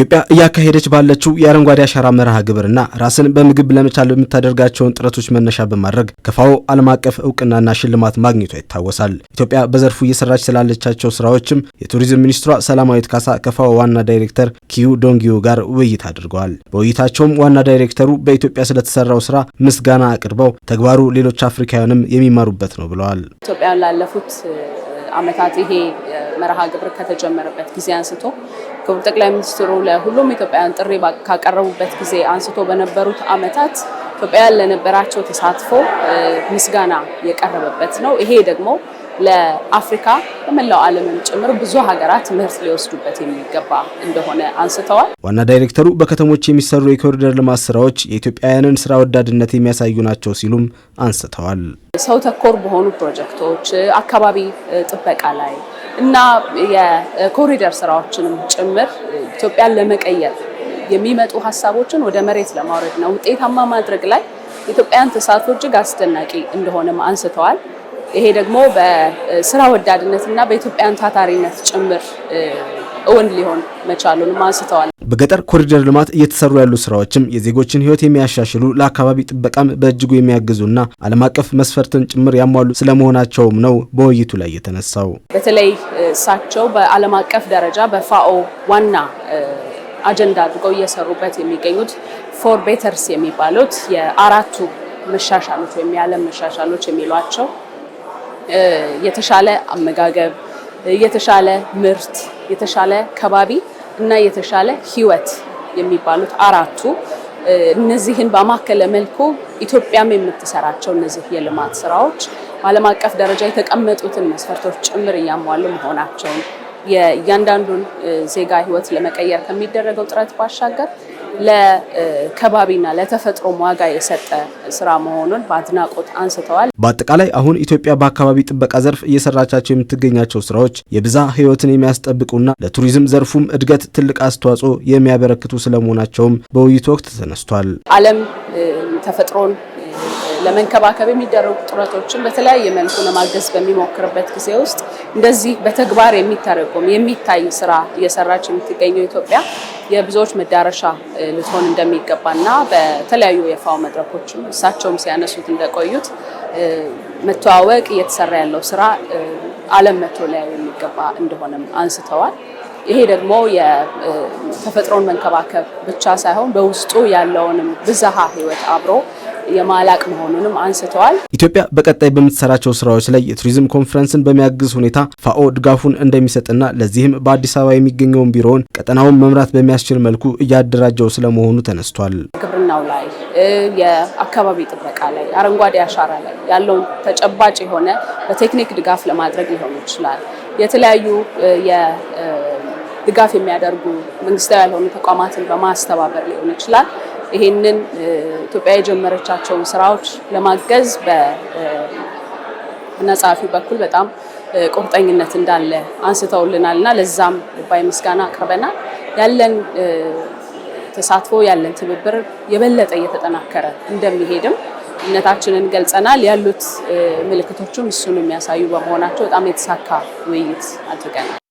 ኢትዮጵያ እያካሄደች ባለችው የአረንጓዴ አሻራ መርሃ ግብርና ራስን በምግብ ለመቻል በምታደርጋቸውን ጥረቶች መነሻ በማድረግ ከፋኦ ዓለም አቀፍ እውቅናና ሽልማት ማግኘቷ ይታወሳል። ኢትዮጵያ በዘርፉ እየሰራች ስላለቻቸው ስራዎችም የቱሪዝም ሚኒስትሯ ሰላማዊት ካሳ ከፋኦ ዋና ዳይሬክተር ኪዩ ዶንጊዮ ጋር ውይይት አድርገዋል። በውይይታቸውም ዋና ዳይሬክተሩ በኢትዮጵያ ስለተሰራው ስራ ምስጋና አቅርበው ተግባሩ ሌሎች አፍሪካውያንም የሚማሩበት ነው ብለዋል። ኢትዮጵያን ላለፉት አመታት ይሄ መርሃ ግብር ከተጀመረበት ጊዜ አንስቶ ክቡር ጠቅላይ ሚኒስትሩ ለሁሉም ኢትዮጵያውያን ጥሪ ካቀረቡበት ጊዜ አንስቶ በነበሩት ዓመታት ኢትዮጵያውያን ለነበራቸው ተሳትፎ ምስጋና የቀረበበት ነው። ይሄ ደግሞ ለአፍሪካ በመላው ዓለምም ጭምር ብዙ ሀገራት ምርት ሊወስዱበት የሚገባ እንደሆነ አንስተዋል። ዋና ዳይሬክተሩ በከተሞች የሚሰሩ የኮሪደር ልማት ስራዎች የኢትዮጵያውያንን ስራ ወዳድነት የሚያሳዩ ናቸው ሲሉም አንስተዋል። ሰው ተኮር በሆኑ ፕሮጀክቶች አካባቢ ጥበቃ ላይ እና የኮሪደር ስራዎችንም ጭምር ኢትዮጵያን ለመቀየር የሚመጡ ሀሳቦችን ወደ መሬት ለማውረድ ነው። ውጤታማ ማድረግ ላይ ኢትዮጵያን ተሳትፎ እጅግ አስደናቂ እንደሆነም አንስተዋል። ይሄ ደግሞ በስራ ወዳድነትና በኢትዮጵያን ታታሪነት ጭምር እውን ሊሆን መቻሉንም አንስተዋል። በገጠር ኮሪደር ልማት እየተሰሩ ያሉ ስራዎችም የዜጎችን ህይወት የሚያሻሽሉ ለአካባቢ ጥበቃም በእጅጉ የሚያግዙና ዓለም አቀፍ መስፈርትን ጭምር ያሟሉ ስለመሆናቸውም ነው በውይይቱ ላይ የተነሳው። በተለይ እሳቸው በዓለም አቀፍ ደረጃ በፋኦ ዋና አጀንዳ አድርገው እየሰሩበት የሚገኙት ፎር ቤተርስ የሚባሉት የአራቱ መሻሻሎች ወይም የዓለም መሻሻሎች የሚሏቸው የተሻለ አመጋገብ የተሻለ ምርት፣ የተሻለ ከባቢ እና የተሻለ ህይወት የሚባሉት አራቱ እነዚህን በማከለ መልኩ ኢትዮጵያም የምትሰራቸው እነዚህ የልማት ስራዎች በዓለም አቀፍ ደረጃ የተቀመጡትን መስፈርቶች ጭምር እያሟሉ መሆናቸውን የእያንዳንዱን ዜጋ ህይወት ለመቀየር ከሚደረገው ጥረት ባሻገር ለከባቢና ለተፈጥሮ ዋጋ የሰጠ ስራ መሆኑን በአድናቆት አንስተዋል። በአጠቃላይ አሁን ኢትዮጵያ በአካባቢ ጥበቃ ዘርፍ እየሰራቻቸው የምትገኛቸው ስራዎች የብዛ ህይወትን የሚያስጠብቁና ለቱሪዝም ዘርፉም እድገት ትልቅ አስተዋጽኦ የሚያበረክቱ ስለመሆናቸውም በውይይቱ ወቅት ተነስቷል። ዓለም ተፈጥሮን ለመንከባከብ የሚደረጉ ጥረቶችን በተለያየ መልኩ ለማገዝ በሚሞክርበት ጊዜ ውስጥ እንደዚህ በተግባር የሚተረጎም የሚታይ ስራ እየሰራች የምትገኘው ኢትዮጵያ የብዙዎች መዳረሻ ልትሆን እንደሚገባና በተለያዩ የፋው መድረኮችም እሳቸውም ሲያነሱት እንደቆዩት መተዋወቅ እየተሰራ ያለው ስራ ዓለም መቶ ላይ የሚገባ እንደሆነም አንስተዋል። ይሄ ደግሞ የተፈጥሮን መንከባከብ ብቻ ሳይሆን በውስጡ ያለውንም ብዝሃ ህይወት አብሮ የማላቅ መሆኑንም አንስተዋል። ኢትዮጵያ በቀጣይ በምትሰራቸው ስራዎች ላይ የቱሪዝም ኮንፈረንስን በሚያግዝ ሁኔታ ፋኦ ድጋፉን እንደሚሰጥና ለዚህም በአዲስ አበባ የሚገኘውን ቢሮውን ቀጠናውን መምራት በሚያስችል መልኩ እያደራጀው ስለመሆኑ ተነስቷል። ግብርናው ላይ፣ የአካባቢ ጥበቃ ላይ፣ አረንጓዴ አሻራ ላይ ያለውን ተጨባጭ የሆነ በቴክኒክ ድጋፍ ለማድረግ ሊሆን ይችላል የተለያዩ ድጋፍ የሚያደርጉ መንግስታዊ ያልሆኑ ተቋማትን በማስተባበር ሊሆን ይችላል። ይሄንን ኢትዮጵያ የጀመረቻቸውን ስራዎች ለማገዝ በጸሐፊው በኩል በጣም ቁርጠኝነት እንዳለ አንስተውልናል እና ለዛም ባይ ምስጋና አቅርበናል። ያለን ተሳትፎ ያለን ትብብር የበለጠ እየተጠናከረ እንደሚሄድም እምነታችንን ገልጸናል። ያሉት ምልክቶችም እሱን የሚያሳዩ በመሆናቸው በጣም የተሳካ ውይይት አድርገናል።